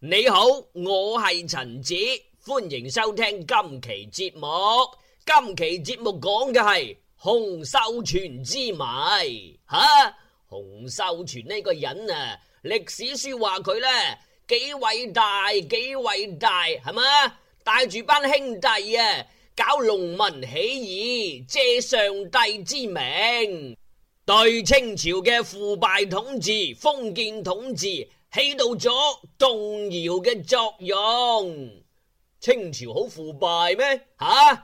你好，我係陳子，歡迎收聽今期節目。今期節目講嘅係洪秀全之謎吓。洪秀全呢個人啊，歷史書話佢呢幾偉大，幾偉大係嘛？帶住班兄弟啊，搞農民起義，借上帝之名，對清朝嘅腐敗統治、封建統治，起到咗動搖嘅作用。清朝好腐敗咩？吓、啊、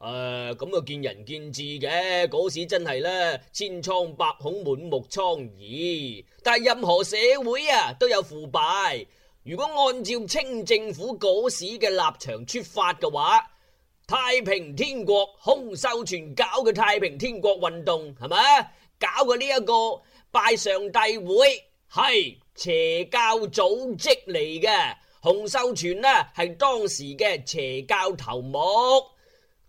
誒，咁、呃、啊，見仁見智嘅嗰時真係咧，千瘡百孔，滿目瘡痍。但係任何社會啊都有腐敗。如果按照清政府嗰時嘅立場出發嘅話，太平天國洪秀全搞嘅太平天國運動係咪搞嘅呢一個拜上帝會係？邪教組織嚟嘅，洪秀全呢係當時嘅邪教頭目，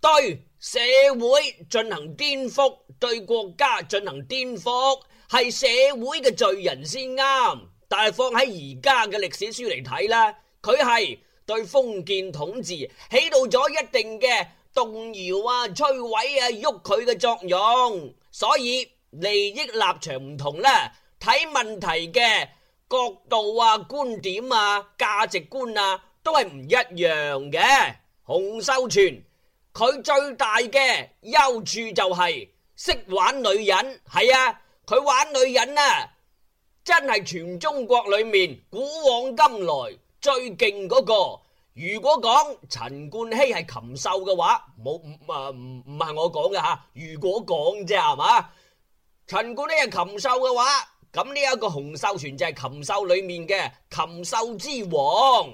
對社會進行顛覆，對國家進行顛覆，係社會嘅罪人先啱。但係放喺而家嘅歷史書嚟睇啦，佢係對封建統治起到咗一定嘅動搖啊、摧毀啊、喐佢嘅作用。所以利益立場唔同呢，睇問題嘅。角度啊，觀點啊，價值觀啊，都係唔一樣嘅。洪秀全佢最大嘅優處就係識玩女人，係啊，佢玩女人啊，真係全中國裏面古往今來最勁嗰個。如果講陳冠希係禽獸嘅話，冇唔啊唔唔係我講嘅吓，如果講啫係嘛，陳冠希係禽獸嘅話。咁呢一個洪秀全就係禽獸裏面嘅禽獸之王，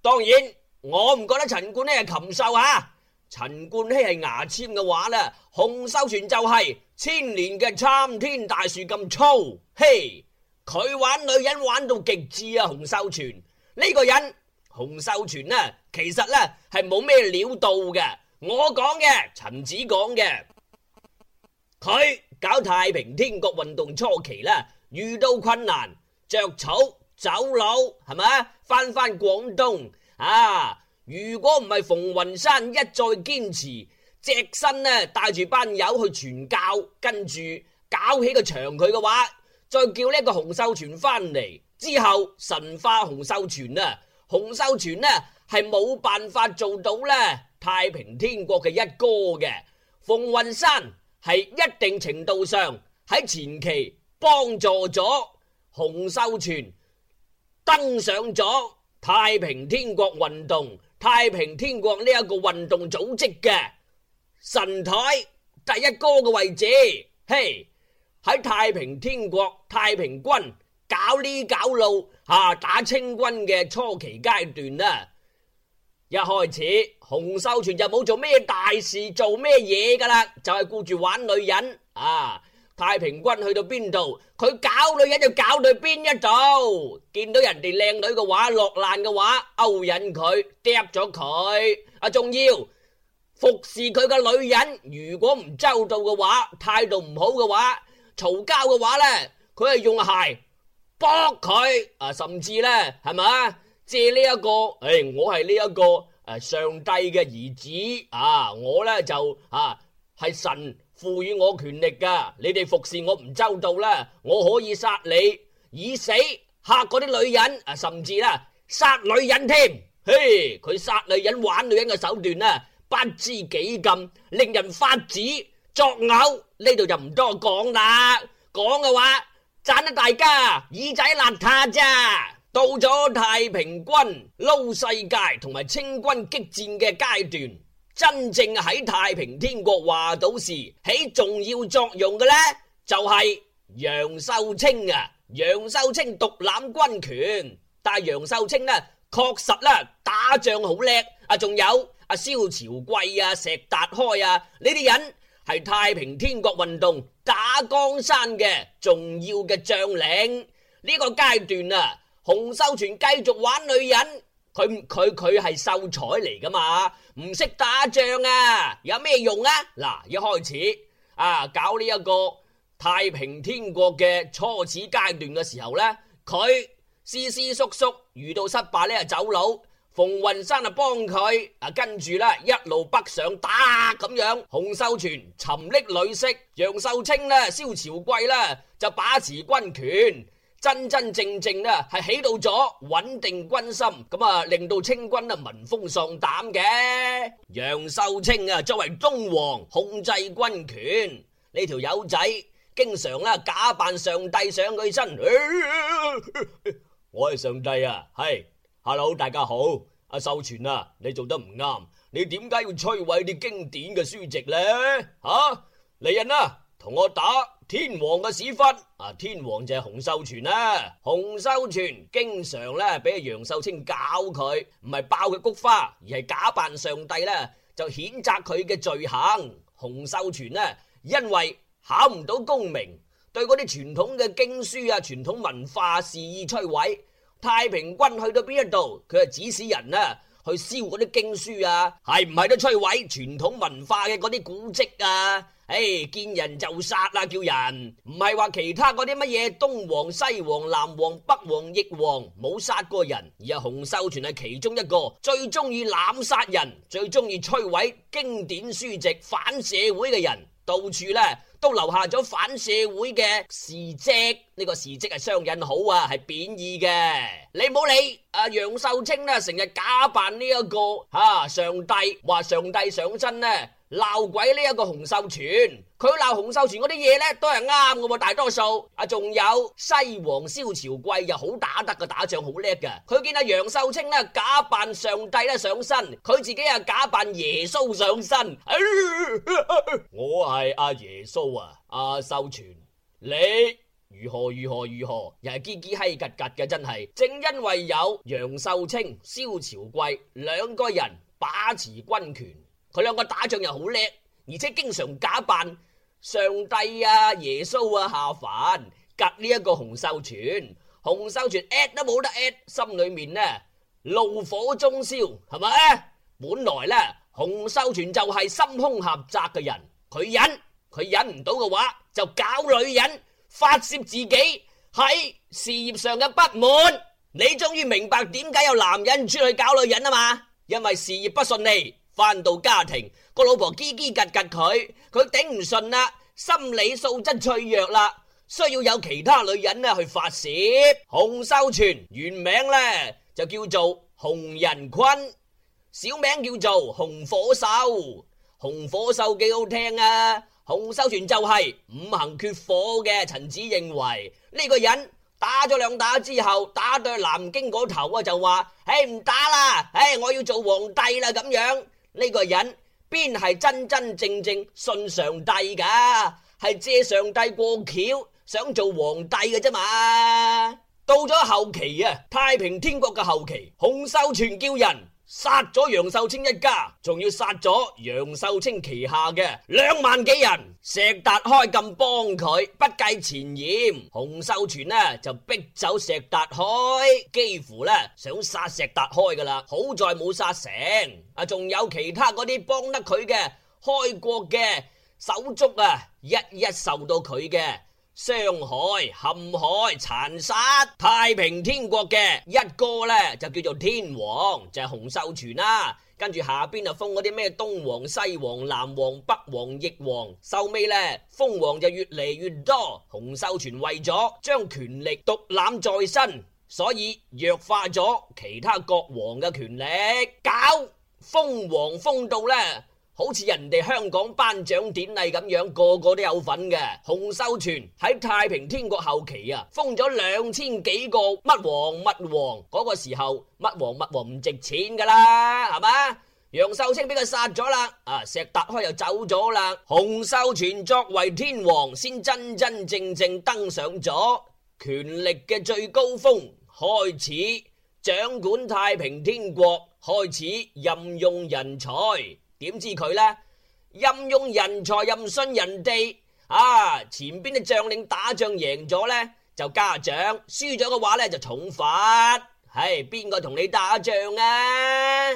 當然我唔覺得陳冠希係禽獸吓，陳冠希係牙籤嘅話呢，洪秀全就係千年嘅參天大樹咁粗，嘿，佢玩女人玩到極致啊！洪秀全呢、這個人，洪秀全呢、啊、其實呢係冇咩料到嘅，我講嘅，陳子講嘅，佢搞太平天國運動初期呢？遇到困難，着草走佬係咪啊？翻翻廣東啊！如果唔係馮雲山一再堅持，隻身呢帶住班友去傳教，跟住搞起個場佢嘅話，再叫呢一個洪秀全翻嚟之後，神化洪秀全啊，洪秀全呢係冇辦法做到呢太平天國嘅一哥嘅。馮雲山係一定程度上喺前期，幫助咗洪秀全登上咗太平天國運動、太平天國呢一個運動組織嘅神台第一哥嘅位置，嘿喺太平天國太平軍搞呢搞路吓、啊、打清軍嘅初期階段啦、啊。一開始洪秀全就冇做咩大事，做咩嘢噶啦，就係顧住玩女人啊。太平軍去到邊度，佢搞女人就搞到邊一度，見到人哋靚女嘅話，落難嘅話勾引佢，執咗佢，啊仲要服侍佢嘅女人，如果唔周到嘅話，態度唔好嘅話，嘈交嘅話呢，佢係用鞋搏佢，啊甚至呢係咪啊借呢一個，誒我係呢一個誒上帝嘅兒子啊，我呢就啊係神。賦予我權力噶，你哋服侍我唔周到啦，我可以殺你以死吓嗰啲女人啊，甚至啦殺女人添。嘿，佢殺女人玩女人嘅手段啊，不知幾咁，令人發指作嘔。呢度就唔多講啦，講嘅話讚得大家耳仔邋遢咋。到咗太平軍撈世界同埋清軍激戰嘅階段。真正喺太平天國話到時起重要作用嘅，呢，就係楊秀清啊。楊秀清獨攬軍權，但係楊秀清呢確實啦，打仗好叻啊。仲有阿蕭朝貴啊、石達開啊呢啲人係太平天國運動打江山嘅重要嘅將領。呢個階段啊，洪秀全繼續玩女人，佢佢佢係秀才嚟噶嘛。唔識打仗啊，有咩用啊？嗱，一開始啊，搞呢一個太平天國嘅初始階段嘅時候咧，佢斯斯縮縮遇到失敗咧就走佬，馮雲山就幫啊幫佢啊，跟住咧一路北上打咁樣，洪秀全、沉溺女色，楊秀清咧、蕭朝貴咧就把持軍權。真真正正咧，係起到咗穩定軍心，咁啊令到清軍咧聞風喪膽嘅。楊秀清啊，作為東王控制軍權，呢條友仔經常咧假扮上帝上佢身。哎哎哎、我係上帝啊，係，hello 大家好，阿、啊、秀全啊，你做得唔啱，你點解要摧毀啲經典嘅書籍呢？吓、啊，嚟人啊，同我打！天王嘅屎忽啊！天王就係洪秀全啦，啊，洪秀全經常咧俾楊秀清搞佢，唔係爆佢菊花，而係假扮上帝呢就譴責佢嘅罪行。洪秀全呢，啊，因為考唔到功名，對嗰啲傳統嘅經書啊、傳統文化肆意摧毀。太平軍去到邊一度，佢就指使人呢，啊、去燒嗰啲經書啊，係唔係都摧毀傳統文化嘅嗰啲古蹟啊？唉，hey, 見人就殺喇！叫人唔係話其他嗰啲乜嘢東王西王南王北王翼王冇殺過人，而是洪秀全係其中一個最鍾意濫殺人、最鍾意摧毀經典書籍、反社會嘅人，到處呢。都留下咗反社會嘅事跡，呢、這個事跡係雙引號啊，係貶義嘅。你唔好理啊，楊秀清呢成日假扮呢、這、一個吓、啊、上帝，話、啊、上帝上身呢鬧鬼呢一個洪秀全，佢鬧洪秀全嗰啲嘢呢，都係啱嘅，大多數。啊，仲有西王蕭朝貴又好打得嘅打仗，好叻嘅。佢見阿、啊、楊秀清呢，假扮上帝啦上身，佢自己啊假扮耶穌上身。哎哎哎哎、我係阿、啊、耶穌。阿秀全，你如何如何如何，又係嘰嘰嘿噶噶嘅，真係正因為有楊秀清、蕭朝貴兩個人把持軍權，佢兩個打仗又好叻，而且經常假扮上帝啊、耶穌啊下凡，夾呢一個洪秀全，洪秀全 at 都冇得 at，心裏面呢怒火中燒，係咪？本來呢洪秀全就係心胸狹窄嘅人，佢忍。佢忍唔到嘅話，就搞女人發泄自己喺事業上嘅不滿。你終於明白點解有男人出去搞女人啊嘛？因為事業不順利，翻到家庭個老婆嘰嘰格格佢，佢頂唔順啦，心理素質脆弱啦，需要有其他女人呢去發泄。洪秀全原名呢就叫做洪仁坤，小名叫做洪火秀。洪火秀幾好聽啊！洪秀全就係五行缺火嘅，陳子認為呢個人打咗兩打之後，打到南京嗰頭啊就話：唉，唔打啦，唉，我要做皇帝啦咁樣。呢個人邊係真真正正信上帝噶？係借上帝過橋想做皇帝嘅啫嘛。到咗後期啊，太平天國嘅後期，洪秀全叫人。殺咗楊秀清一家，仲要殺咗楊秀清旗下嘅兩萬幾人。石達開咁幫佢，不計前嫌。洪秀全呢就逼走石達開，幾乎呢想殺石達開噶啦，好在冇殺成。啊，仲有其他嗰啲幫得佢嘅開國嘅手足啊，一一受到佢嘅。傷害、陷害、殘殺，太平天國嘅一個呢，就叫做天王，就係洪秀全啦。跟住下邊就封嗰啲咩東王、西王、南王、北王、翼王，收尾呢，封王就越嚟越多。洪秀全為咗將權力獨攬在身，所以弱化咗其他國王嘅權力，搞封王封到呢。好似人哋香港頒獎典禮咁樣，個個都有份嘅。洪秀全喺太平天國後期啊，封咗兩千幾個乜王乜王嗰個時候，乜王乜王唔值錢噶啦，係嘛？楊秀清俾佢殺咗啦，啊石達開又走咗啦，洪秀全作為天王，先真真正正登上咗權力嘅最高峰，開始掌管太平天國，開始任用人才。點知佢呢？任用人才任信人哋。啊！前邊嘅將領打仗贏咗呢，就加獎，輸咗嘅話呢，就重罰。係邊個同你打仗啊？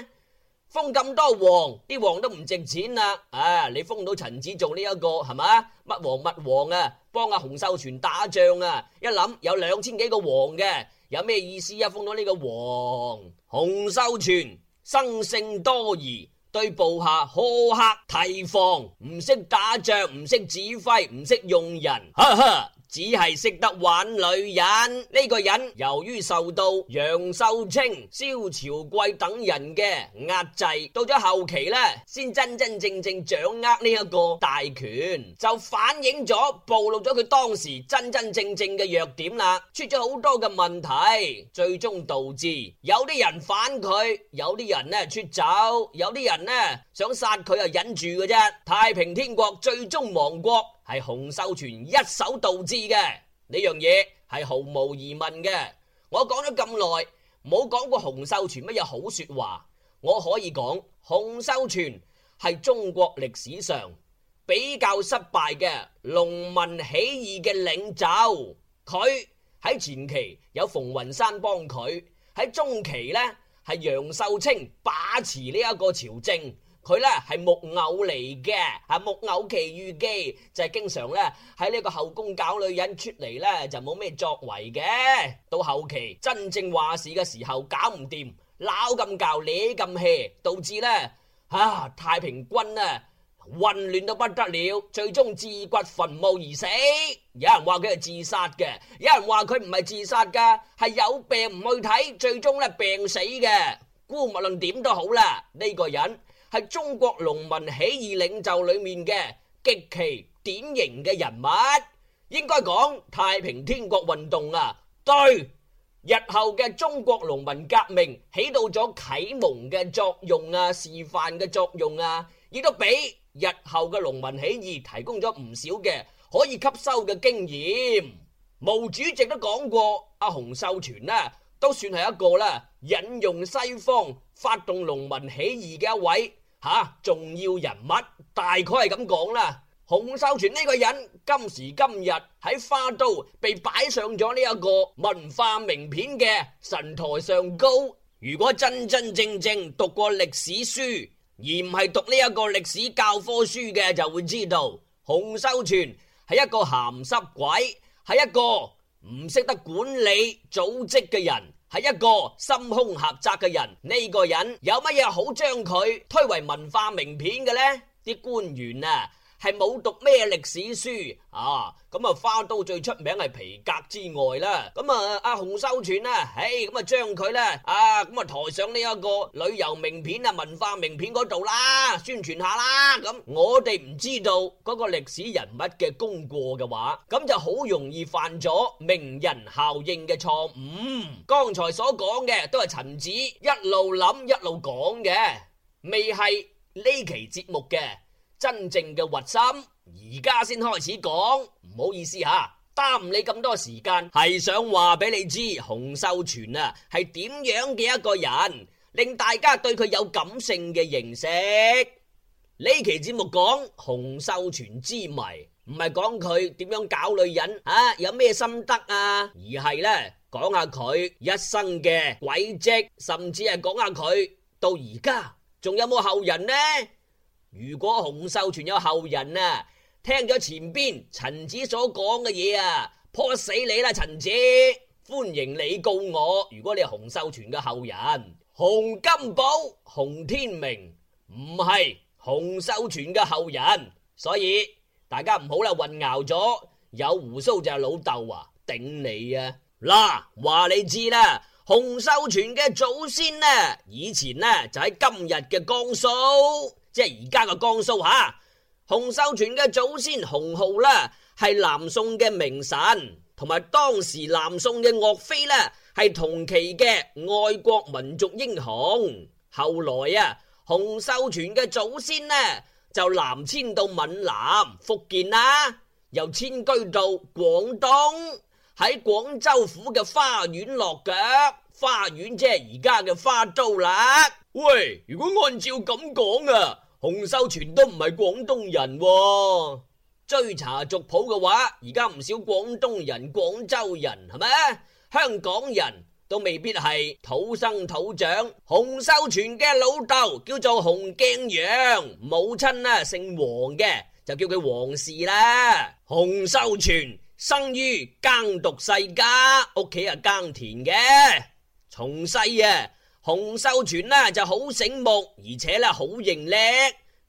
封咁多王，啲王都唔值錢啦！啊！啊，你封到陳子做呢，這，一個係嘛乜王乜王啊？幫阿洪秀全打仗啊！一諗有兩千幾個王嘅，有咩意思啊？封到呢個王，洪秀全生性多疑。對部下苛刻提防，唔識打仗，唔識指揮，唔識用人，哈哈。只係識得玩女人。呢個人，由於受到楊秀清、蕭朝貴等人嘅壓制，到咗後期呢，先真真正正掌握呢一個大權，就反映咗暴露咗佢當時真真正正嘅弱點啦，出咗好多嘅問題，最終導致有啲人反佢，有啲人呢出走，有啲人呢想殺佢就忍住嘅啫。太平天國最終亡國。係洪秀全一手導致嘅。呢樣嘢係毫無疑問嘅。我講咗咁耐，冇講過洪秀全乜嘢好説話。我可以講，洪秀全係中國歷史上比較失敗嘅農民起義嘅領袖。佢喺前期有馮雲山幫佢，喺中期呢係楊秀清把持呢一個朝政。佢呢係木偶嚟嘅，嚇木偶奇遇記就係、是、經常呢喺呢個後宮搞女人出嚟呢就冇咩作為嘅。到後期真正話事嘅時候搞唔掂，鬧咁教，你咁氣，導致呢吓、啊、太平軍啊混亂到不得了，最終自掘墳墓而死。有人話佢係自殺嘅，有人話佢唔係自殺噶，係有病唔去睇，最終呢病死嘅。姑勿論點都好啦，呢、這個人。係中國農民起義領袖裏面嘅極其典型嘅人物，應該講太平天國運動啊，對日後嘅中國農民革命起到咗啟蒙嘅作用啊、示範嘅作用啊，亦都俾日後嘅農民起義提供咗唔少嘅可以吸收嘅經驗。毛主席都講過，阿洪秀全啦，都算係一個啦，引用西方發動農民起義嘅一位。吓、啊，重要人物大概係咁講啦。洪秀全呢個人今時今日喺花都被擺上咗呢一個文化名片嘅神台上高。如果真真正正讀過歷史書，而唔係讀呢一個歷史教科書嘅，就會知道洪秀全係一個鹹濕鬼，係一個唔識得管理組織嘅人。係一個心胸狹窄嘅人，呢、這個人有乜嘢好將佢推為文化名片嘅呢？啲官員啊！係冇讀咩歷史書啊！咁啊，花都最出名係皮革之外啦。咁啊，阿洪秀全啦，唉，咁啊將佢呢，啊，咁啊抬上呢一個旅遊名片啊、文化名片嗰度啦，宣傳下啦。咁、啊、我哋唔知道嗰個歷史人物嘅功過嘅話，咁就好容易犯咗名人效應嘅錯誤。剛才所講嘅都係陳子一路諗一路講嘅，未係呢期節目嘅。真正嘅核心，而家先開始講，唔好意思吓，耽誤你咁多時間，係想話俾你知洪秀全啊，係點樣嘅一個人，令大家對佢有感性嘅認識。呢期節目講洪秀全之謎，唔係講佢點樣搞女人啊，有咩心得啊，而係呢講下佢一生嘅軌跡，甚至係講下佢到而家仲有冇後人呢？如果洪秀全有後人啊，聽咗前邊陳子所講嘅嘢啊，撲死你啦！陳子，歡迎你告我。如果你係洪秀全嘅後人，洪金寶、洪天明唔係洪秀全嘅後人，所以大家唔好啦，混淆咗。有鬍鬚就係老豆啊，頂你啊！嗱，話你知啦，洪秀全嘅祖先呢，以前呢就喺今日嘅江蘇。即係而家嘅江蘇吓，洪秀全嘅祖先洪浩啦，係南宋嘅名臣，同埋當時南宋嘅岳飛啦，係同期嘅愛國民族英雄。後來啊，洪秀全嘅祖先呢就南遷到閩南、福建啦，又遷居到廣東，喺廣州府嘅花縣落腳。花縣即係而家嘅花都啦。喂，如果按照咁講啊。洪秀全都唔係廣東人。哦，追查族譜嘅話，而家唔少廣東人、廣州人係咪？香港人都未必係土生土長。洪秀全嘅老豆叫做洪鏡揚，母親呢、啊、姓黃嘅，就叫佢黃氏啦。洪秀全生於耕讀世家，屋企係耕田嘅，從細啊。洪秀全呢就好醒目，而且呢好認叻。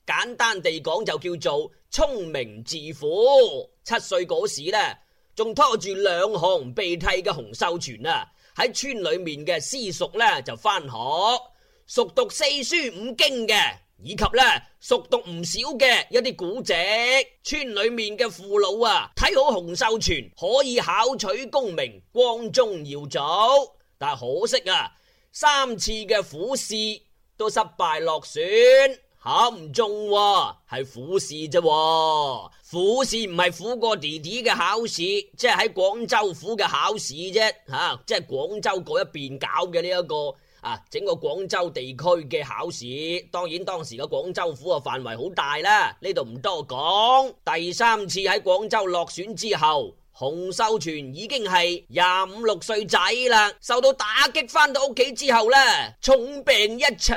簡單地講就叫做聰明自負。七歲嗰時呢，仲拖住兩行鼻涕嘅洪秀全啊，喺村裏面嘅私塾呢就返學，熟讀四書五經嘅，以及呢熟讀唔少嘅一啲古籍。村裏面嘅父老啊，睇好洪秀全可以考取功名，光宗耀祖。但係可惜啊。三次嘅府試都失敗落選，考唔中喎、啊，係府試啫，府試唔係苦過弟弟嘅考試，即係喺廣州府嘅考試啫，吓、啊，即係廣州嗰一邊搞嘅呢一個啊，整個廣州地區嘅考試，當然當時嘅廣州府嘅範圍好大啦，呢度唔多講。第三次喺廣州落選之後。洪秀全已經係廿五六歲仔啦，受到打擊，翻到屋企之後呢，重病一場，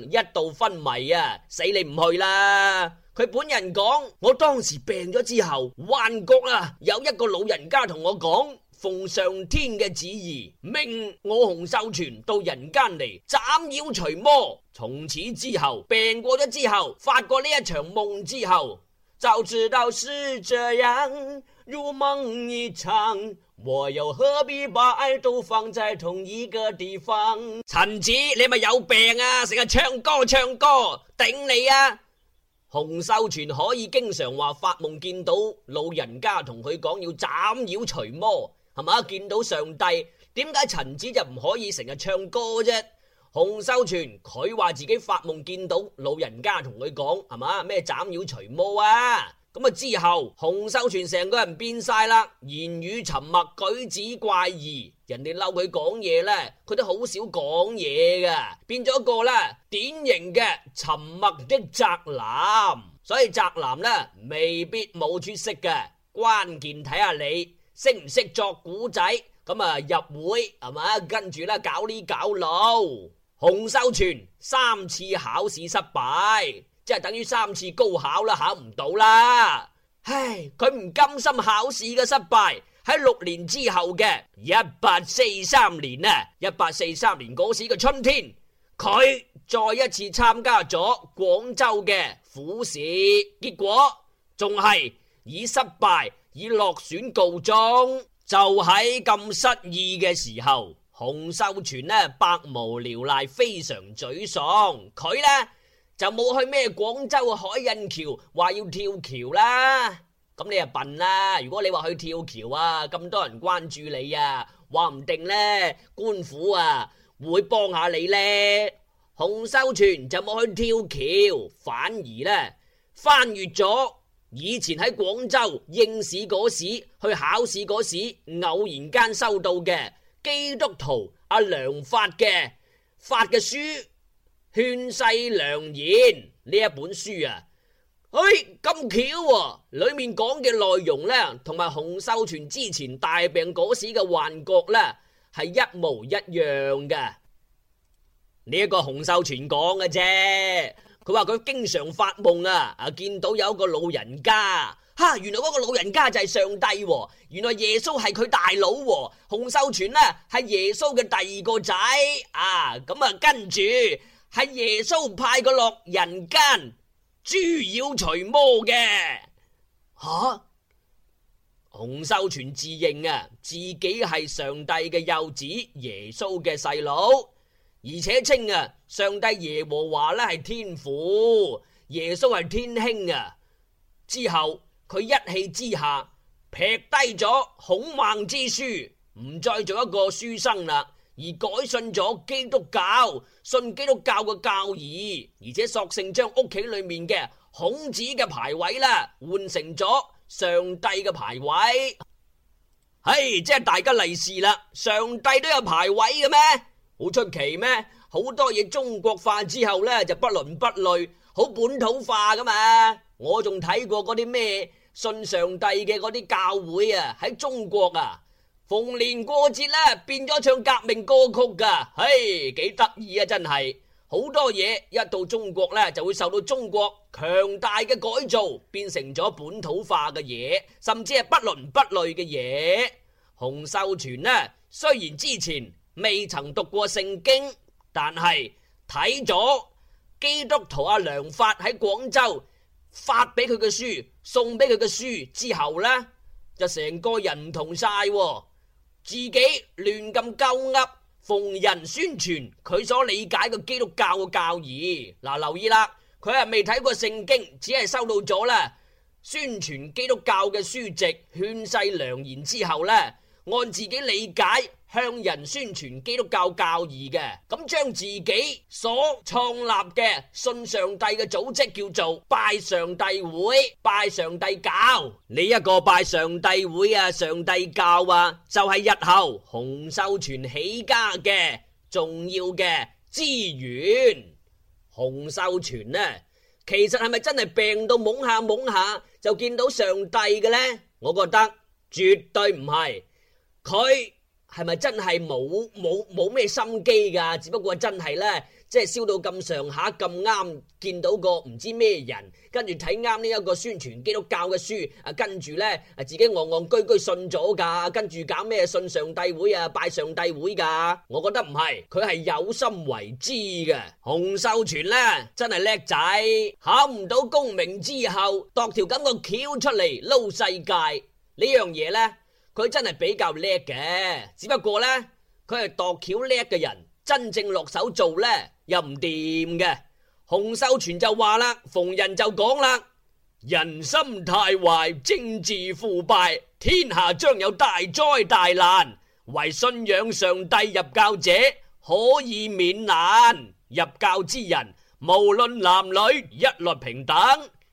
一度昏迷啊，死你唔去啦。佢本人講：我當時病咗之後，幻覺啊，有一個老人家同我講，奉上天嘅旨意，命我洪秀全到人間嚟斬妖除魔。從此之後，病過咗之後，發過呢一場夢之後，就知道是這樣。如夢一場，我又何必把愛都放在同一個地方？陳 子，你係咪有病啊！成日唱歌唱歌，頂你啊！洪秀全可以經常話發夢見到老人家同佢講要斬妖除魔，係嘛？見到上帝，點解陳子就唔可以成日唱歌啫？洪秀全，佢話自己發夢見到老人家同佢講，係嘛？咩斬妖除魔啊？咁啊！之後洪秀全成個人變曬啦，言語沉默，舉止怪異，人哋嬲佢講嘢咧，佢都好少講嘢嘅，變咗個咧典型嘅沉默的宅男。所以宅男咧未必冇出息嘅，關鍵睇下你識唔識作古仔。咁啊入會係嘛？跟住咧搞呢搞老。洪秀全三次考試失敗。即係等於三次高考啦，考唔到啦。唉，佢唔甘心考試嘅失敗，喺六年之後嘅一八四三年呢，一八四三年嗰時嘅春天，佢再一次參加咗廣州嘅府試，結果仲係以失敗，以落選告終。就喺咁失意嘅時候，洪秀全呢，百無聊賴，非常沮喪，佢呢。就冇去咩廣州嘅海印橋，話要跳橋啦。咁你啊笨啦！如果你話去跳橋啊，咁多人關注你啊，話唔定呢官府啊會幫下你呢。洪秀全就冇去跳橋，反而呢，翻閱咗以前喺廣州應試嗰時去考試嗰時偶然間收到嘅基督徒阿梁發嘅發嘅書。勸世良言呢一本書啊，嘿咁巧，裏面講嘅內容呢，同埋洪秀全之前大病嗰時嘅幻覺呢，係一模一樣嘅。呢一個洪秀全講嘅啫，佢話佢經常發夢啊，啊見到有一個老人家，哈，原來嗰個老人家就係上帝，原來耶穌係佢大佬，洪秀全呢係耶穌嘅第二個仔啊，咁啊跟住。係耶穌派個落人間誅妖除魔嘅吓，洪、啊、秀全自認啊自己係上帝嘅幼子耶穌嘅細佬，而且稱啊上帝耶和華咧係天父，耶穌係天兄啊。之後佢一氣之下劈低咗孔孟之書，唔再做一個書生啦。而改信咗基督教，信基督教嘅教義，而且索性將屋企裏面嘅孔子嘅牌位啦，換成咗上帝嘅牌位。唉，即係大家利是啦，上帝都有牌位嘅咩？好出奇咩？好多嘢中國化之後呢，就不倫不類，好本土化㗎嘛。我仲睇過嗰啲咩信上帝嘅嗰啲教會啊，喺中國啊。逢年過節咧，變咗唱革命歌曲噶，嘿，幾得意啊！真係好多嘢，一到中國呢，就會受到中國強大嘅改造，變成咗本土化嘅嘢，甚至係不倫不類嘅嘢。洪秀全呢，雖然之前未曾讀過聖經，但係睇咗基督徒阿梁發喺廣州發俾佢嘅書，送俾佢嘅書之後呢，就成個人唔同晒。自己亂咁鳩噏，逢人宣傳佢所理解嘅基督教嘅教義。嗱，留意啦，佢係未睇過聖經，只係收到咗咧宣傳基督教嘅書籍、勸世良言之後咧，按自己理解。向人宣傳基督教教義嘅咁，將自己所創立嘅信上帝嘅組織叫做拜上帝會，拜上帝教。呢一個拜上帝會啊，上帝教啊，就係日後洪秀全起家嘅重要嘅資源。洪秀全呢，其實係咪真係病到懵下懵下就見到上帝嘅呢？我覺得絕對唔係佢。係咪真係冇冇冇咩心機噶？只不過真係咧，即係燒到咁上下咁啱見到個唔知咩人，跟住睇啱呢一個宣傳基督教嘅書，啊跟住咧自己戇戇居居信咗噶，跟住搞咩信上帝會啊，拜上帝會噶？我覺得唔係，佢係有心為之嘅。洪秀全咧真係叻仔，考唔到功名之後，度條咁個橋出嚟撈世界呢樣嘢咧。佢真係比較叻嘅，只不過呢，佢係度巧叻嘅人，真正落手做咧又唔掂嘅。洪秀全就話啦，逢人就講啦，人心太壞，政治腐敗，天下將有大災大難。為信仰上帝入教者可以免難。入教之人無論男女一律平等，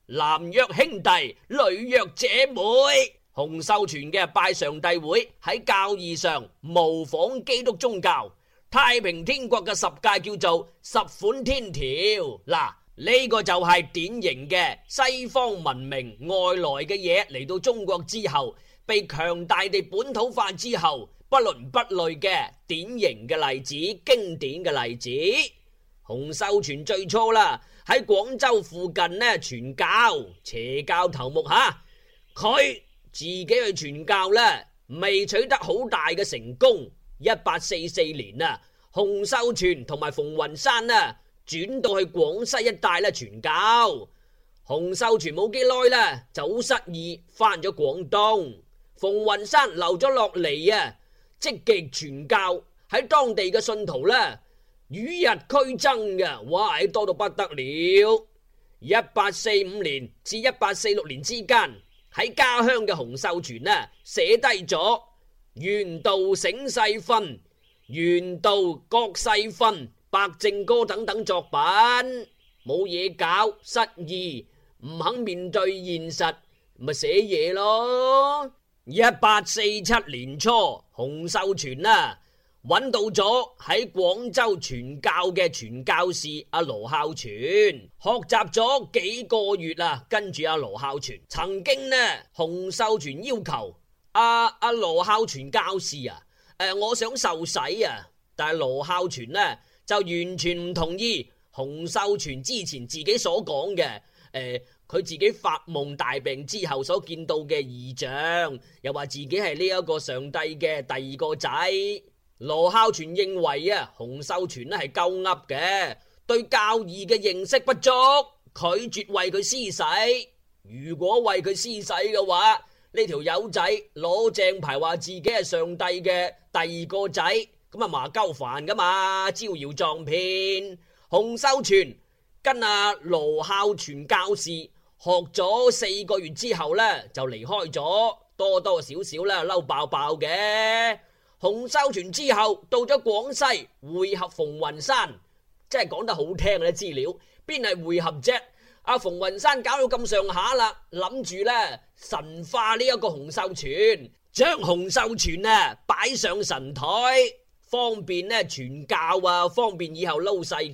男若兄弟，女若姐妹。洪秀全嘅拜上帝會喺教義上模仿基督宗教。太平天國嘅十戒叫做十款天條。嗱，呢個就係典型嘅西方文明外來嘅嘢，嚟到中國之後被強大地本土化之後不倫不類嘅典型嘅例子，經典嘅例子。洪秀全最初啦喺廣州附近呢傳教，邪教頭目吓佢。自己去傳教呢，未取得好大嘅成功。一八四四年啊，洪秀全同埋馮雲山啊，轉到去廣西一帶咧傳教。洪秀全冇幾耐呢，就失意，翻咗廣東。馮雲山留咗落嚟啊，積極傳教，喺當地嘅信徒呢，與日俱增嘅，哇，多到不得了。一八四五年至一八四六年之間。喺家鄉嘅洪秀全啊，寫低咗《原道醒世訓》《原道覺世訓》《百正歌》等等作品，冇嘢搞，失意，唔肯面對現實，咪寫嘢咯。一八四七年初，洪秀全啊。搵到咗喺廣州傳教嘅傳教士阿羅、啊、孝全，學習咗幾個月啦。跟住阿羅孝全曾經呢，洪秀全要求阿阿羅孝全教士啊，誒、啊，我想受洗啊，但係羅孝全呢就完全唔同意。洪秀全之前自己所講嘅，誒、啊，佢自己發夢大病之後所見到嘅異象，又話自己係呢一個上帝嘅第二個仔。羅孝全認為啊，洪秀全咧係夠噏嘅，對教義嘅認識不足，拒絕為佢施洗。如果為佢施洗嘅話，呢條友仔攞正牌話自己係上帝嘅第二個仔，咁啊麻鳩煩噶嘛，招搖撞騙。洪秀全跟阿羅孝全教士學咗四個月之後呢，就離開咗，多多少少呢，嬲爆爆嘅。洪秀全之後到咗廣西會合馮雲山，即係講得好聽嘅，啲資料，邊係會合啫？阿馮雲山搞到咁上下啦，諗住呢神化呢一個洪秀全，將洪秀全呢擺上神台，方便呢傳教啊，方便以後撈世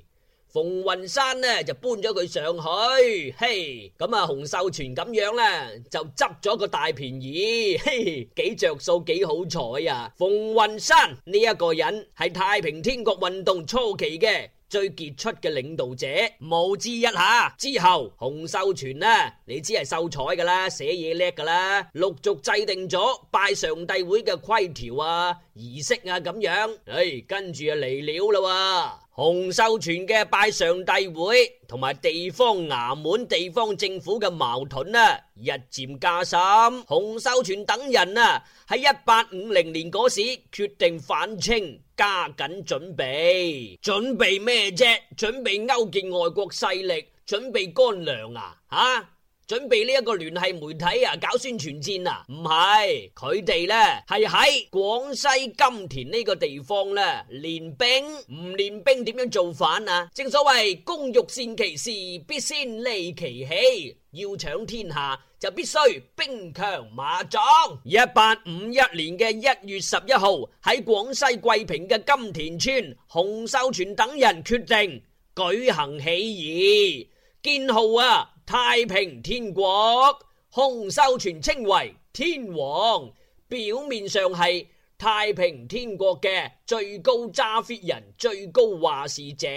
界。馮雲山呢就搬咗佢上去，嘿，咁啊洪秀全咁樣呢，就執咗個大便宜，嘿，幾着數幾好彩啊！馮雲山呢一個人係太平天國運動初期嘅。最傑出嘅領導者，無之一下。之後洪秀全呢、啊，你知係秀才噶啦，寫嘢叻噶啦，陸續制定咗拜上帝會嘅規條啊、儀式啊咁樣。誒、哎，跟住啊嚟了啦！洪秀全嘅拜上帝會同埋地方衙門、地方政府嘅矛盾啊，日漸加深。洪秀全等人啊，喺一八五零年嗰時決定反清。加緊準備，準備咩啫？準備勾結外國勢力，準備乾糧啊！啊準備呢一個聯繫媒體啊，搞宣傳戰啊，唔係佢哋呢係喺廣西金田呢個地方呢。練兵，唔練兵點樣造反啊？正所謂工欲善其事，必先利其器，要搶天下就必須兵強馬壯。一八五一年嘅一月十一號喺廣西桂平嘅金田村，洪秀全等人決定舉行起義，建號啊！太平天國洪秀全稱為天王，表面上係太平天國嘅最高揸 fit 人、最高話事者。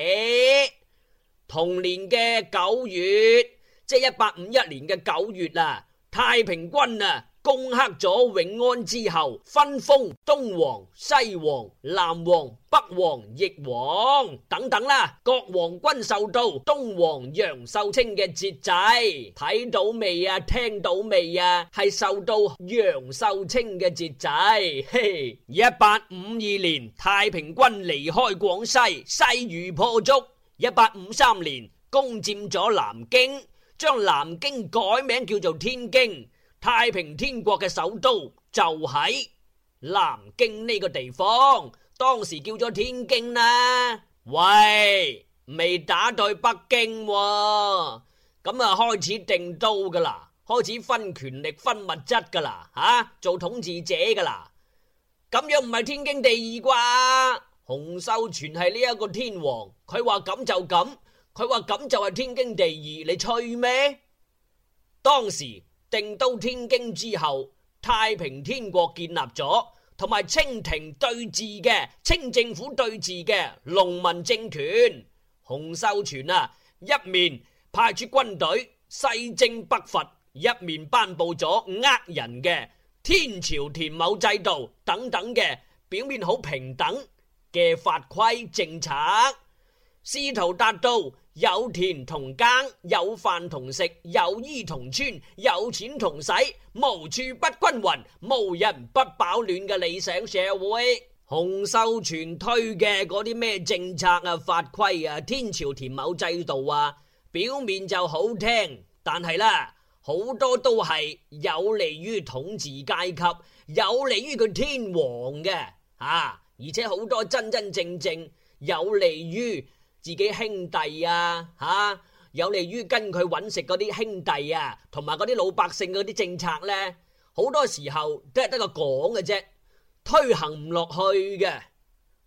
同年嘅九月，即係一八五一年嘅九月啦，太平軍啊！攻克咗永安之後，分封東王、西王、南王、北王、翼王等等啦。各王軍受到東王楊秀清嘅節制，睇到未啊？聽到未啊？係受到楊秀清嘅節制。一八五二年，太平軍離開廣西，勢如破竹。一八五三年，攻占咗南京，將南京改名叫做天京。太平天國嘅首都就喺南京呢個地方，當時叫咗天京啦。喂，未打對北京喎、啊，咁啊開始定都噶啦，開始分權力分物質噶啦，吓、啊、做統治者噶啦，咁樣唔係天經地義啩？洪秀全係呢一個天王，佢話咁就咁，佢話咁就係天經地義，你吹咩？當時。定都天京之後，太平天國建立咗同埋清廷對峙嘅清政府對峙嘅農民政權。洪秀全啊，一面派出軍隊西征北伐，一面頒布咗呃人嘅天朝田畝制度等等嘅表面好平等嘅法規政策，試圖達到。有田同耕，有飯同食，有衣同穿，有錢同使，無處不均勻，無人不飽暖嘅理想社會。洪秀全推嘅嗰啲咩政策啊、法規啊、天朝田畝制度啊，表面就好聽，但係咧好多都係有利於統治階級，有利於佢天王嘅吓、啊，而且好多真真正正有利於。自己兄弟啊，嚇，有利於跟佢揾食嗰啲兄弟啊，同埋嗰啲老百姓嗰啲政策咧，好多時候都係得個講嘅啫，推行唔落去嘅。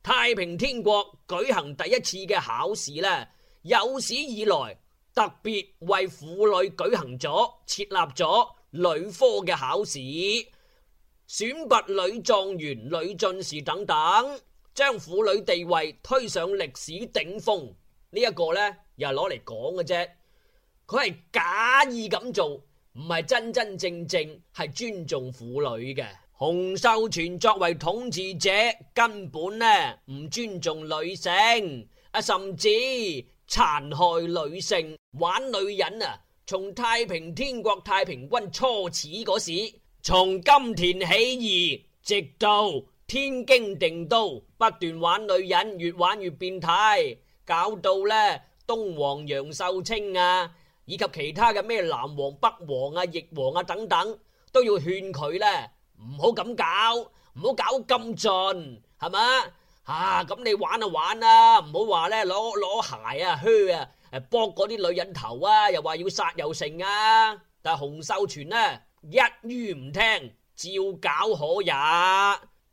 太平天國舉行第一次嘅考試咧，有史以來特別為婦女舉行咗設立咗女科嘅考試，選拔女狀元、女進士等等。將婦女地位推上歷史頂峰呢一個呢，又係攞嚟講嘅啫，佢係假意咁做，唔係真真正正係尊重婦女嘅。洪秀全作為統治者，根本呢唔尊重女性，啊，甚至殘害女性，玩女人啊！從太平天國太平軍初始嗰時，從金田起義直到。天京定都不斷玩女人，越玩越變態，搞到咧東王楊秀清啊，以及其他嘅咩南王北王啊、翼王啊等等，都要勸佢咧唔好咁搞，唔好搞咁盡，係嘛？吓，咁你玩就玩啊，唔好話咧攞攞鞋啊靴啊，誒剝嗰啲女人頭啊，又話要殺又剩啊。但係洪秀全呢一於唔聽，照搞可也。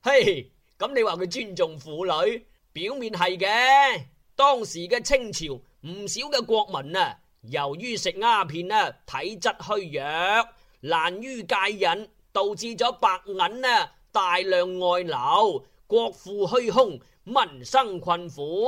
嘿，咁、hey, 你話佢尊重婦女，表面係嘅。當時嘅清朝唔少嘅國民啊，由於食鴉片呢、啊，體質虛弱，難於戒癮，導致咗白銀呢、啊、大量外流，國富虛空，民生困苦。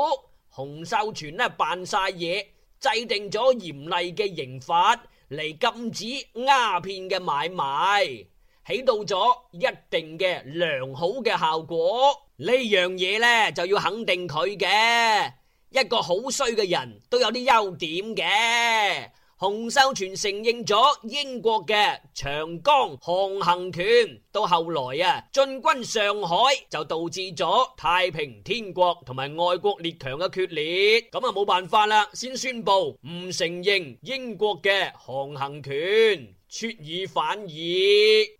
洪秀全呢、啊、扮晒嘢，制定咗嚴厲嘅刑法嚟，禁止鴉片嘅買賣。起到咗一定嘅良好嘅效果，呢樣嘢呢，就要肯定佢嘅。一個好衰嘅人都有啲優點嘅。洪秀全承認咗英國嘅長江航行權，到後來啊，進軍上海就導致咗太平天國同埋外國列強嘅決裂。咁啊，冇辦法啦，先宣布唔承認英國嘅航行權。出爾反爾，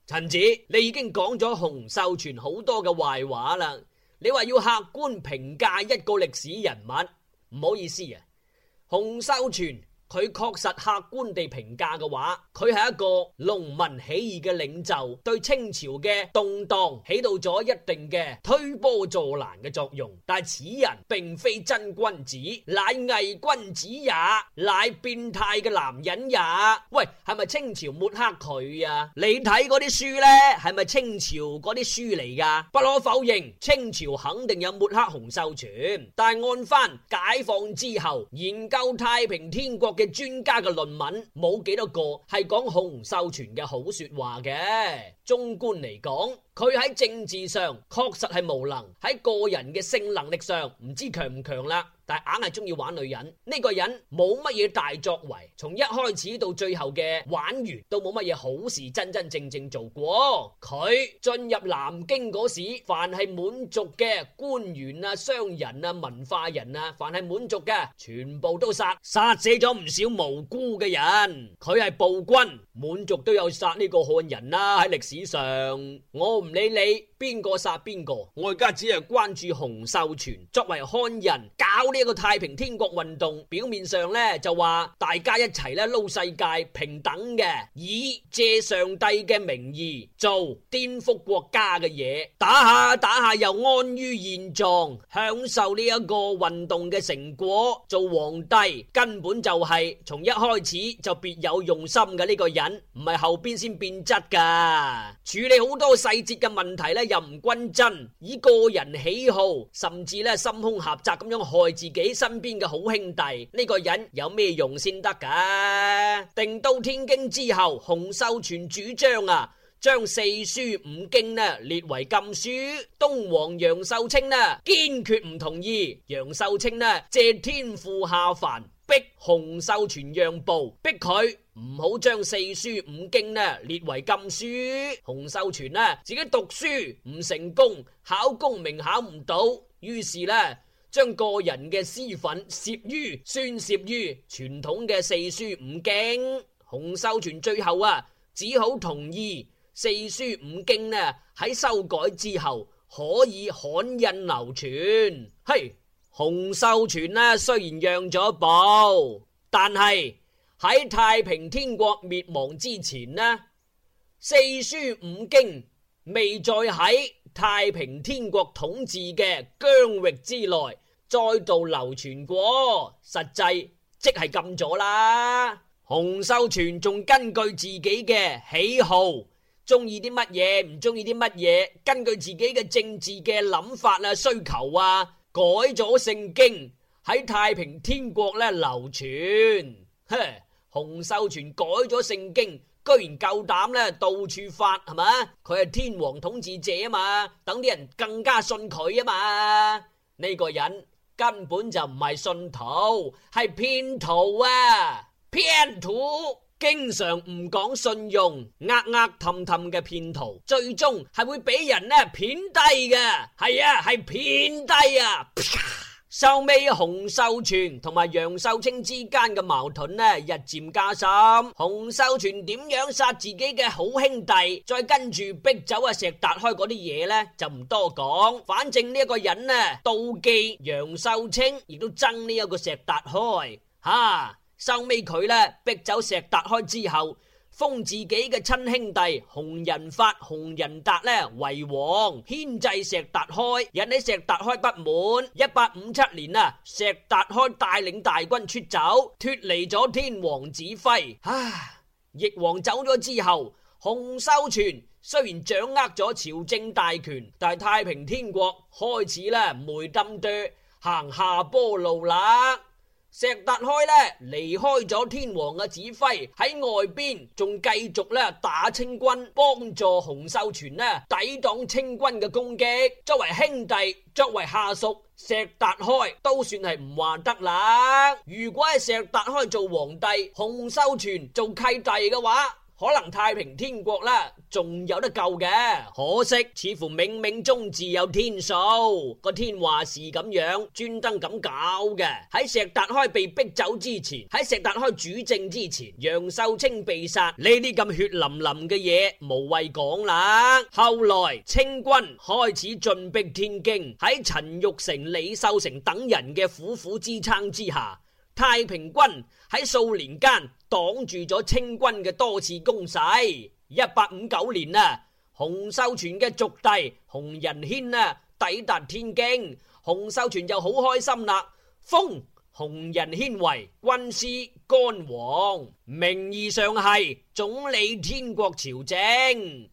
陳子，你已經講咗洪秀全好多嘅壞話啦。你話要客觀評價一個歷史人物，唔好意思啊，洪秀全。佢確實客觀地評價嘅話，佢係一個農民起義嘅領袖，對清朝嘅動盪起到咗一定嘅推波助瀾嘅作用。但係此人並非真君子，乃偽君子也，乃變態嘅男人也。喂，係咪清朝抹黑佢啊？你睇嗰啲書呢，係咪清朝嗰啲書嚟㗎？不可否認，清朝肯定有抹黑洪秀全。但係按翻解放之後研究太平天國嘅專家嘅論文冇幾多個係講洪秀全嘅好説話嘅，中觀嚟講，佢喺政治上確實係無能，喺個人嘅性能力上唔知強唔強啦，但硬係中意玩女人，呢個人冇乜嘢大作為，從一開始到最後嘅玩完都冇乜嘢好事真真正正做過。佢進入南京嗰時，凡係滿族嘅官員啊、商人啊、文化人啊，凡係滿族嘅，全部都殺，殺死咗唔少無辜嘅人。佢係暴君，滿族都有殺呢個漢人啦。喺歷史上，我唔理你。邊個殺邊個？我而家只係關注洪秀全作為漢人搞呢個太平天國運動，表面上咧就話大家一齊咧撈世界平等嘅，以借上帝嘅名義做顛覆國家嘅嘢，打下打下又安於現狀，享受呢一個運動嘅成果，做皇帝根本就係從一開始就別有用心嘅呢個人，唔係後邊先變質噶，處理好多細節嘅問題咧。任君真以個人喜好，甚至咧心胸狹窄咁樣害自己身邊嘅好兄弟，呢個人有咩用先得噶？定都天京之後，洪秀全主張啊，將四書五經呢列為禁書。東王楊秀清呢堅決唔同意，楊秀清呢借天父下凡。逼洪秀全讓步，逼佢唔好將四書五經呢列為禁書。洪秀全呢自己讀書唔成功，考功名考唔到，於是呢將個人嘅私憤涉於宣泄於傳統嘅四書五經。洪秀全最後啊，只好同意四書五經呢喺修改之後可以刊印流傳。嘿、hey。洪秀全呢雖然讓咗步，但係喺太平天國滅亡之前呢，四書五經未再喺太平天國統治嘅疆域之內再度流傳過，實際即係禁咗啦。洪秀全仲根據自己嘅喜好，中意啲乜嘢，唔中意啲乜嘢，根據自己嘅政治嘅諗法啊，需求啊。改咗聖經喺太平天國咧流傳，哼，洪秀全改咗聖經，居然夠膽咧到處發係嘛？佢係天王統治者啊嘛，等啲人更加信佢啊嘛？呢個人根本就唔係信徒，係騙徒啊，騙徒！經常唔講信用，呃呃氹氹嘅騙徒，最終係會俾人呢騙低嘅。係啊，係騙低啊！收 尾，洪秀全同埋楊秀清之間嘅矛盾呢，日漸加深。洪秀全點樣殺自己嘅好兄弟，再跟住逼走阿石達開嗰啲嘢呢，就唔多講。反正呢一個人呢妒忌楊秀清，亦都憎呢一個石達開，吓。收尾佢呢逼走石達開之後，封自己嘅親兄弟洪仁發、洪仁達呢為王，牽制石達開，引起石達開不滿。一八五七年啊，石達開帶領大軍出走，脫離咗天王指揮。啊，翼王走咗之後，洪秀全雖然掌握咗朝政大權，但係太平天國開始呢，沒金奪行下坡路啦。石達開咧離開咗天王嘅指揮，喺外邊仲繼續咧打清軍，幫助洪秀全咧抵擋清軍嘅攻擊。作為兄弟，作為下屬，石達開都算係唔話得啦。如果係石達開做皇帝，洪秀全做契弟嘅話。可能太平天國啦，仲有得救嘅。可惜似乎冥冥中自有天數，個天話事咁樣，專登咁搞嘅。喺石達開被逼走之前，喺石達開主政之前，楊秀清被殺，呢啲咁血淋淋嘅嘢，無謂講啦。後來清軍開始進逼天京，喺陳玉成、李秀成等人嘅苦苦支撐之下，太平軍。喺數年間擋住咗清軍嘅多次攻勢。一八五九年啊，洪秀全嘅族弟洪仁軒呢抵達天京，洪秀全就好開心啦，封洪仁軒為軍師干王，名義上係總理天國朝政，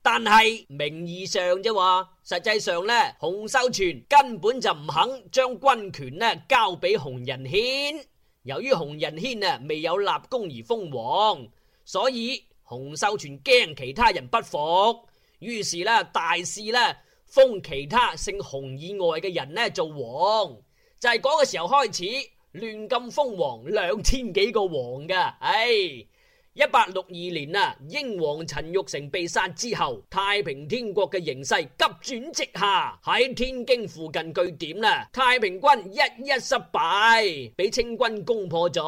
但係名義上啫話，實際上呢，洪秀全根本就唔肯將軍權呢交俾洪仁軒。由於洪仁軒啊未有立功而封王，所以洪秀全驚其他人不服，於是咧大肆咧封其他姓洪以外嘅人咧做王，就係嗰個時候開始亂咁封王兩千幾個王噶，唉。一八六二年啊，英王陳玉成被殺之後，太平天國嘅形勢急轉直下，喺天京附近據點啦，太平軍一一失敗，俾清軍攻破咗。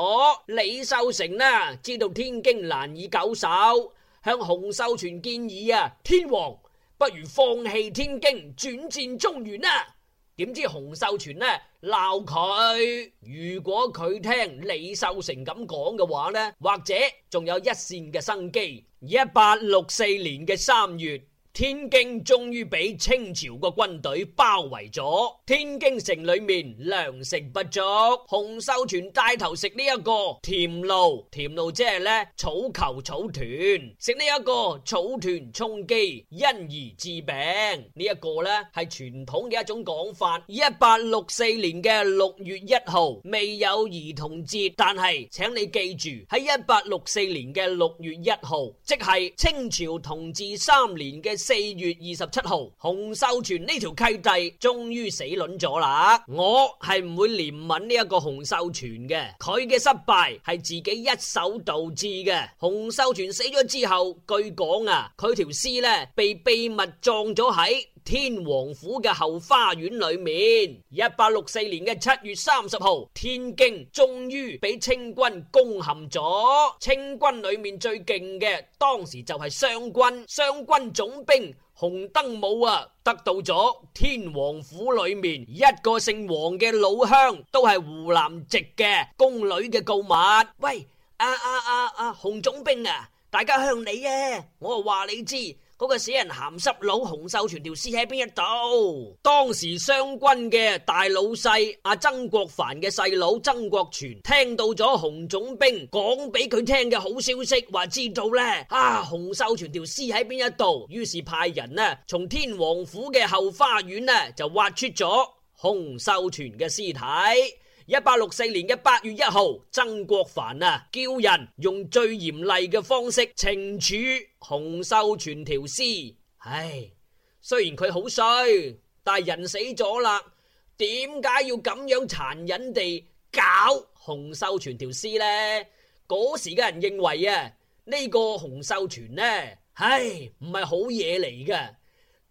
李秀成啦，知道天京難以久守，向洪秀全建議啊，天王不如放棄天京，轉戰中原啦。點知洪秀全呢鬧佢，如果佢聽李秀成咁講嘅話呢，或者仲有一線嘅生機。一八六四年嘅三月，天京終於俾清朝個軍隊包圍咗，天京城裏面糧食不足，洪秀全帶頭食呢一個甜露，甜露即係咧草球草團，食呢一個草團充飢，因而致病。這個、呢一個咧係傳統嘅一種講法。一八六四年嘅六月一號，未有兒童節，但係請你記住喺一八六四年嘅六月一號，即係清朝同治三年嘅。四月二十七號，洪秀全呢條契弟終於死卵咗啦！我係唔會憐憫呢一個洪秀全嘅，佢嘅失敗係自己一手導致嘅。洪秀全死咗之後，據講啊，佢條屍咧被秘密葬咗喺，天王府嘅後花園裏面，一八六四年嘅七月三十號，天京終於俾清軍攻陷咗。清軍裏面最勁嘅，當時就係湘軍，湘軍總兵洪登武啊，得到咗天王府裏面一個姓黃嘅老鄉，都係湖南籍嘅宮女嘅告密。喂，啊啊啊啊，洪總兵啊，大家向你啊，我話你知。嗰個死人鹹濕佬洪秀全條屍喺邊一度？當時湘軍嘅大老細阿、啊、曾國藩嘅細佬曾國荃聽到咗洪總兵講俾佢聽嘅好消息，話知道咧啊，洪秀全條屍喺邊一度，於是派人呢、啊、從天王府嘅後花園呢、啊、就挖出咗洪秀全嘅屍體。一八六四年嘅八月一號，曾國藩啊叫人用最嚴厲嘅方式懲處洪秀全條屍。唉，雖然佢好衰，但係人死咗啦，點解要咁樣殘忍地搞洪秀全條屍呢？嗰時嘅人認為啊，呢個洪秀全呢，唉，唔係好嘢嚟嘅。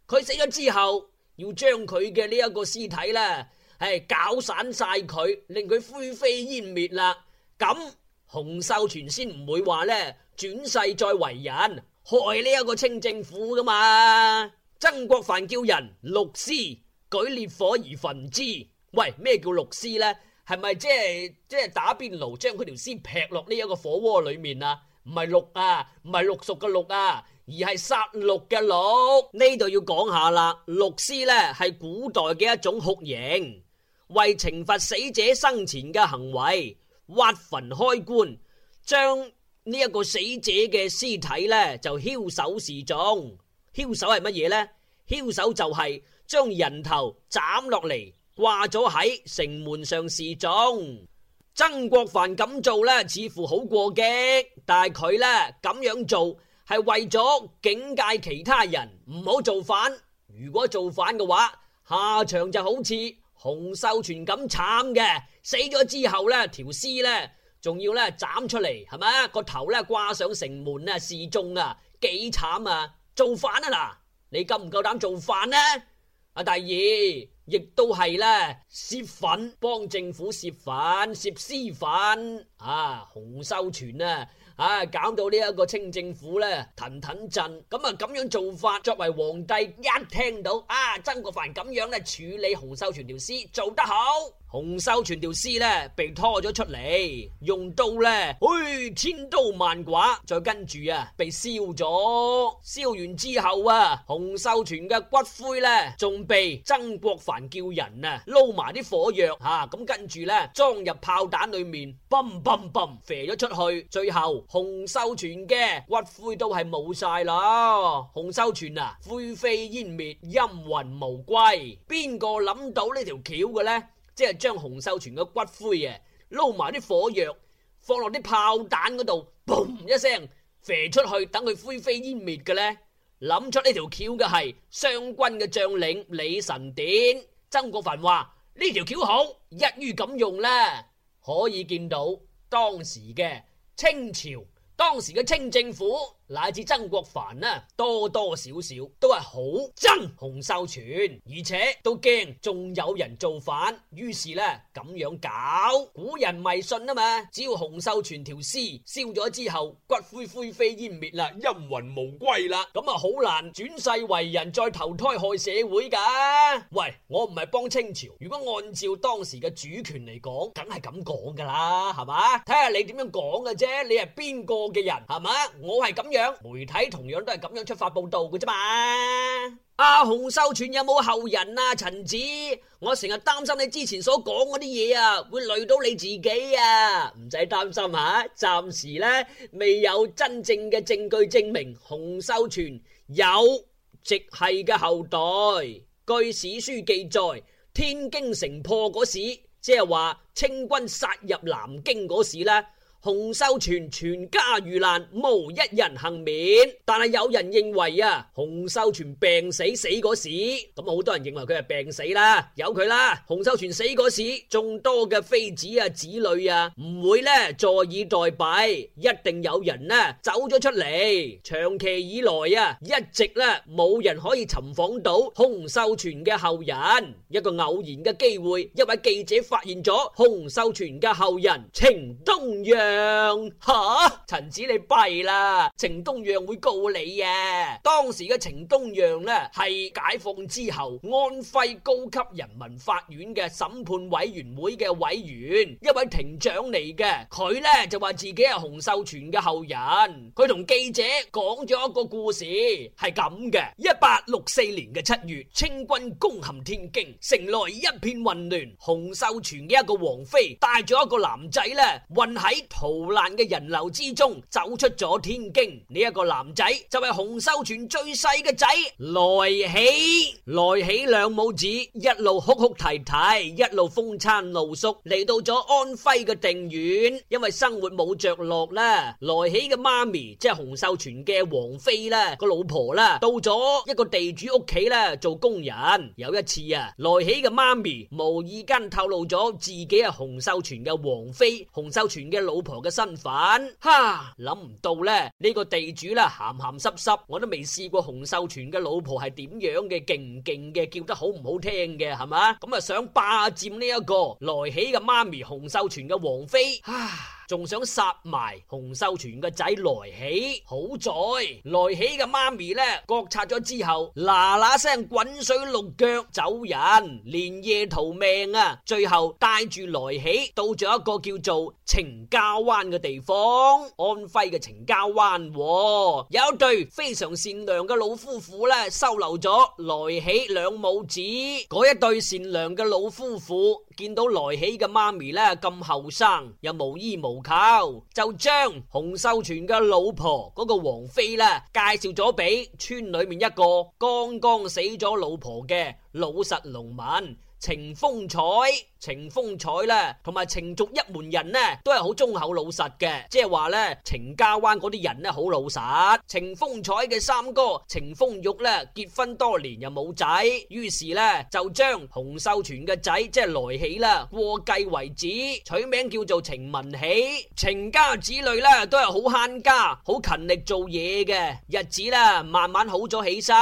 佢死咗之後，要將佢嘅呢一個屍體呢。係搞散晒佢，令佢灰飛煙滅啦。咁洪秀全先唔會話呢轉世再為人，害呢一個清政府噶嘛？曾國藩叫人戮屍舉烈火而焚之。喂，咩叫戮屍呢？係咪即係即係打邊爐，將佢條屍劈落呢一個火鍋裏面啊？唔係淥啊，唔係淥熟嘅淥啊，而係殺戮嘅戮。呢度要講下啦，戮屍呢係古代嘅一種酷刑。為懲罰死者生前嘅行為，挖墳開棺，將呢一個死者嘅屍體呢就梟首示眾。梟首係乜嘢呢？梟首就係將人頭斬落嚟掛咗喺城門上示眾。曾國藩咁做呢，似乎好過激，但係佢呢咁樣做係為咗警戒其他人唔好造反。如果造反嘅話，下場就好似。洪秀全咁慘嘅，死咗之後呢條屍呢仲要呢斬出嚟，係咪啊個頭呢掛上城門啊示眾啊，幾慘啊造反啊嗱，你夠唔夠膽造反呢？啊第二亦都係呢，泄憤，幫政府泄憤，泄私憤啊，洪秀全啊！啊！搞到呢一個清政府呢騰騰震咁啊！咁樣做法，作為皇帝一聽到啊，曾國藩咁樣咧處理洪秀全條屍做得好。洪秀全條屍咧被拖咗出嚟，用刀咧，唉、哎，千刀萬剮，再跟住啊，被燒咗。燒完之後啊，洪秀全嘅骨灰咧，仲被曾國藩叫人啊撈埋啲火藥吓，咁、啊、跟住咧裝入炮彈裏面，嘣嘣嘣射咗出去。最後洪秀全嘅骨灰都係冇晒啦，洪秀全啊灰飛煙滅，陰魂無歸。邊個諗到條呢條橋嘅咧？即係將洪秀全嘅骨灰啊撈埋啲火藥，放落啲炮彈嗰度，嘣一聲射出去，等佢灰飛煙滅嘅呢。諗出呢條橋嘅係湘軍嘅將領李臣典。曾國藩話呢條橋好，一於咁用呢，可以見到當時嘅清朝，當時嘅清政府。乃至曾國藩呢，多多少少都係好憎洪秀全，而且都驚仲有人造反，於是呢咁樣搞。古人迷信啊嘛，只要洪秀全條屍燒咗之後，骨灰灰飛煙滅啦，陰魂無歸啦，咁啊好難轉世為人再投胎害社會噶。喂，我唔係幫清朝，如果按照當時嘅主權嚟講，梗係咁講噶啦，係嘛？睇下你點樣講嘅啫，你係邊個嘅人，係嘛？我係咁。媒體同樣都係咁樣出發報道嘅啫嘛。阿洪秀全有冇後人啊？陳子，我成日擔心你之前所講嗰啲嘢啊，會累到你自己啊。唔使擔心吓，暫時呢，未有真正嘅證據證明洪秀全有直系嘅後代。據史書記載，天京城破嗰時，即係話清軍殺入南京嗰時呢。洪秀全全家遇難，無一人幸免。但係有人認為啊，洪秀全病死死嗰時，咁好多人認為佢係病死啦，有佢啦。洪秀全死嗰時，眾多嘅妃子啊、子女啊，唔會呢坐以待斃，一定有人呢走咗出嚟。長期以來啊，一直呢冇人可以尋訪到洪秀全嘅後人。一個偶然嘅機會，一位記者發現咗洪秀全嘅後人程東陽。吓！陳子你弊啦，程東陽會告你啊！當時嘅程東陽呢，係解放之後安徽高級人民法院嘅審判委員會嘅委員，一位庭長嚟嘅。佢呢就話自己係洪秀全嘅後人。佢同記者講咗一個故事，係咁嘅：一八六四年嘅七月，清軍攻陷天京，城內一片混亂。洪秀全嘅一個王妃帶咗一個男仔呢，混喺。逃難嘅人流之中，走出咗天京。呢一個男仔就係、是、洪秀全最細嘅仔來喜。來喜兩母子一路哭哭啼啼，一路風餐露宿嚟到咗安徽嘅定遠，因為生活冇着落啦。來喜嘅媽咪即係洪秀全嘅王妃啦，個老婆啦，到咗一個地主屋企啦做工人。有一次啊，來喜嘅媽咪無意間透露咗自己係洪秀全嘅王妃，洪秀全嘅老。老婆嘅身份，哈，諗唔到咧，呢個地主啦鹹鹹濕濕，我都未試過洪秀全嘅老婆係點樣嘅，勁唔勁嘅，叫得好唔好聽嘅係嘛？咁啊想霸占呢一個來喜嘅媽咪洪秀全嘅王妃啊！仲想殺埋洪秀全嘅仔來喜，好在來喜嘅媽咪咧，覺察咗之後，嗱嗱聲滾水淥腳走人，連夜逃命啊！最後帶住來喜到咗一個叫做程家灣嘅地方，安徽嘅程家灣，喎，有一對非常善良嘅老夫婦咧，收留咗來喜兩母子。嗰一對善良嘅老夫婦。見到來喜嘅媽咪咧咁後生又無依無靠，就將洪秀全嘅老婆嗰個王妃咧，介紹咗俾村裏面一個剛剛死咗老婆嘅老實農民程風彩。程風采咧，同埋程族一門人咧，都係好忠厚老實嘅即係話咧，程家灣啲人咧好老實。程風采嘅三哥程風玉咧，結婚多年又冇仔，於是咧就將洪秀全嘅仔即係來喜啦過繼為子，取名叫做程文喜。程家子女咧都係好慳家，好勤力做嘢嘅，日子啦慢慢好咗起身。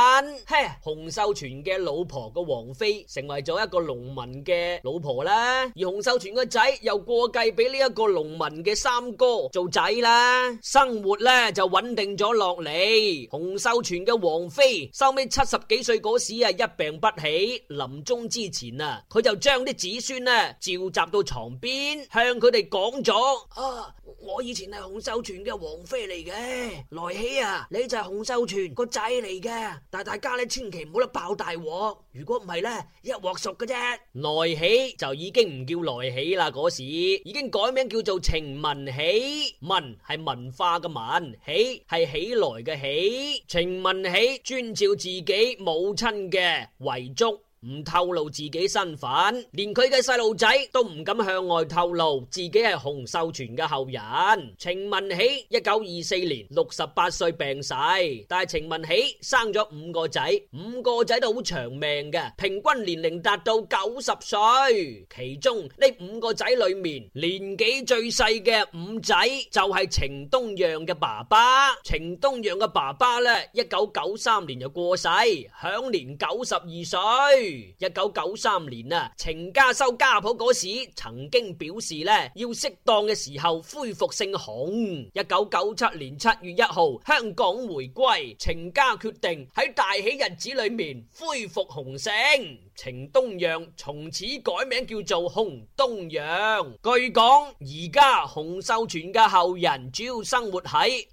嘿，洪秀全嘅老婆個王妃成為咗一個農民嘅老婆啦。而洪秀全個仔又過繼俾呢一個農民嘅三哥做仔啦，生活呢就穩定咗落嚟。洪秀全嘅王妃收尾七十幾歲嗰時啊，一病不起，臨終之前啊，佢就將啲子孫咧召集到床邊，向佢哋講咗：啊，我以前係洪秀全嘅王妃嚟嘅，來喜啊，你就係洪秀全個仔嚟嘅，但係大家咧千祈唔好得爆大鑊，如果唔係呢，一鑊熟嘅啫。來喜就。已經唔叫來喜啦，嗰時已經改名叫做程文喜。文係文化嘅文，喜係喜來嘅喜。程文喜遵照自己母親嘅遺囑，唔透露自己身份，連佢嘅細路仔都唔敢向外透露自己係洪秀全嘅後人。程文喜一九二四年六十八歲病逝，但係程文喜生咗五個仔，五個仔都好長命嘅，平均年齡達到九十歲。其中呢五個仔裏面，年紀最細嘅五仔就係程東陽嘅爸爸。程東陽嘅爸爸咧，一九九三年就過世，享年九十二歲。一九九三年啊，程家收家譜嗰時，曾經表示咧，要適當嘅時候恢復姓洪。一九九七年七月一號，香港回歸，程家決定喺大喜日子裏面恢復洪姓，程東陽從此改名叫做洪東陽。據講，而家洪秀全嘅後人主要生活喺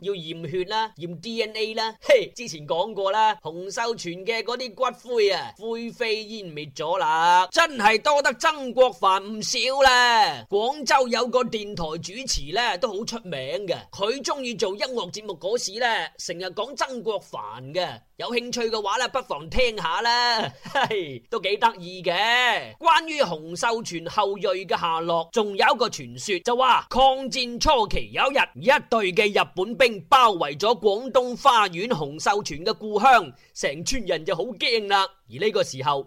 要驗血啦，驗 DNA 啦。嘿，之前講過啦，洪秀全嘅嗰啲骨灰啊，灰飛煙滅咗啦，真係多得曾國藩唔少啦。廣州有個電台主持咧，都好出名嘅，佢中意做音樂節目嗰時咧，成日講曾國藩嘅。有興趣嘅話咧，不妨聽下啦，嘿，都幾得意嘅。關於洪秀全後裔嘅下落，仲有一個傳說就話，抗戰初期有一日，一隊嘅日本兵包圍咗廣東花縣洪秀全嘅故鄉，成村人就好驚啦。而呢個時候。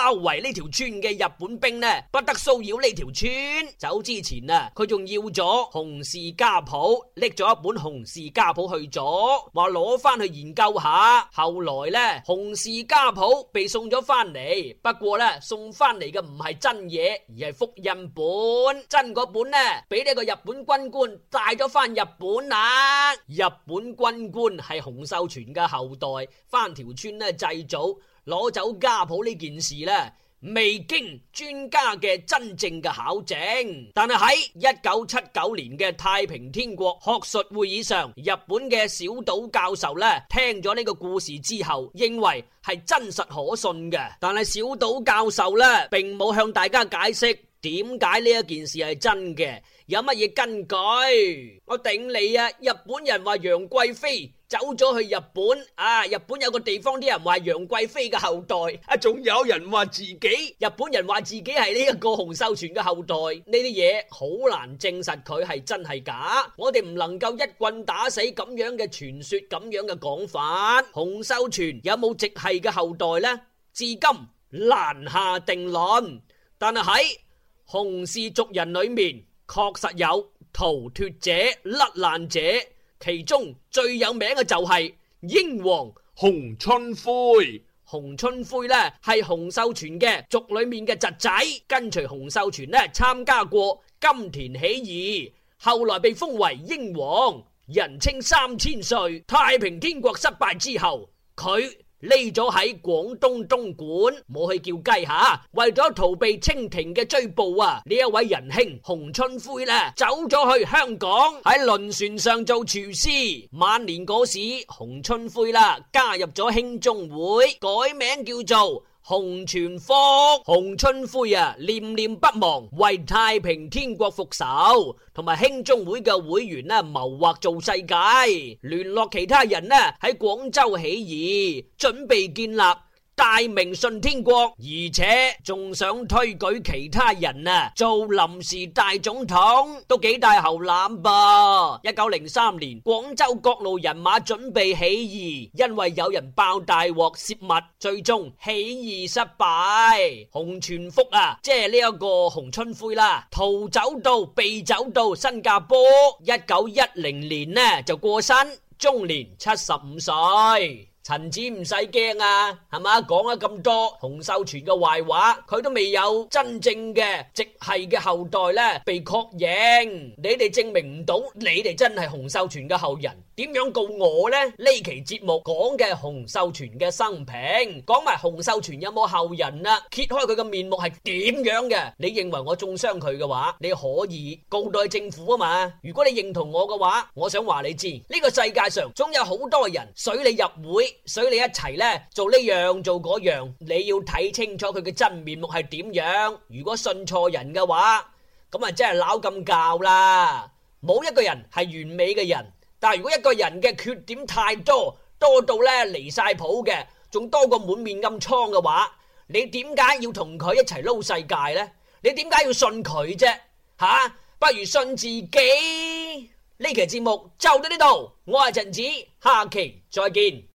包圍呢條村嘅日本兵呢，不得騷擾呢條村。走之前啊，佢仲要咗洪氏家譜，拎咗一本洪氏家譜去咗，話攞翻去研究下。後來呢，洪氏家譜被送咗翻嚟，不過呢，送翻嚟嘅唔係真嘢，而係複印本。真個本呢，俾呢個日本軍官帶咗翻日本啊。日本軍官係洪秀全嘅後代，翻條村呢祭祖。攞走家譜呢件事呢，未經專家嘅真正嘅考證。但係喺一九七九年嘅太平天國學術會議上，日本嘅小島教授呢聽咗呢個故事之後，認為係真實可信嘅。但係小島教授呢，並冇向大家解釋點解呢一件事係真嘅，有乜嘢根據？我頂你啊！日本人話楊貴妃。走咗去日本啊！日本有個地方啲人話楊貴妃嘅後代，啊，仲有人話自己日本人話自己係呢一個洪秀全嘅後代，呢啲嘢好難證實佢係真係假。我哋唔能夠一棍打死咁樣嘅傳說，咁樣嘅講法。洪秀全有冇直系嘅後代呢？至今難下定論。但係喺洪氏族人裏面，確實有逃脫者、甩難者。其中最有名嘅就係英王洪春魁，洪春魁呢係洪秀全嘅族裏面嘅侄仔，跟隨洪秀全呢參加過金田起義，後來被封為英王，人稱三千歲。太平天國失敗之後，佢。匿咗喺廣東東莞，冇去叫雞吓，啊，為咗逃避清廷嘅追捕啊！呢一位仁兄洪春輝啦，走咗去香港喺輪船上做廚師。晚年嗰時，洪春魁啦加入咗興中會，改名叫做。洪全福、洪春魁念念不忘為太平天國復仇，同埋興中會嘅會員謀劃做世界，聯絡其他人呢喺廣州起義，準備建立。大明順天國，而且仲想推舉其他人啊做臨時大總統，都幾大喉欖噃。一九零三年，廣州各路人馬準備起義，因為有人爆大鑊洩密，最終起義失敗。洪全福啊，即係呢一個洪春魁啦，逃走到避走到新加坡。一九一零年呢就過身，終年七十五歲。陳子唔使驚啊，係嘛，講咗咁多洪秀全嘅壞話，佢都未有真正嘅直係嘅後代咧被確認，你哋證明唔到，你哋真係洪秀全嘅後人。點樣告我呢？呢期節目講嘅洪秀全嘅生平，講埋洪秀全有冇後人啦、啊？揭開佢嘅面目係點樣嘅？你認為我中傷佢嘅話，你可以告代政府啊嘛？如果你認同我嘅話，我想話你知呢、呢個世界上總有好多人水你入會，水你一齊呢，做呢樣做嗰樣。你要睇清楚佢嘅真面目係點樣。如果信錯人嘅話，咁啊真係鬧咁教啦，冇一個人係完美嘅人。但如果一個人嘅缺點太多，多到咧離晒譜嘅，仲多過滿面暗瘡嘅話，你點解要同佢一齊撈世界咧？你點解要信佢啫？吓，不如信自己。呢期節目就到呢度，我係陳子，下期再見。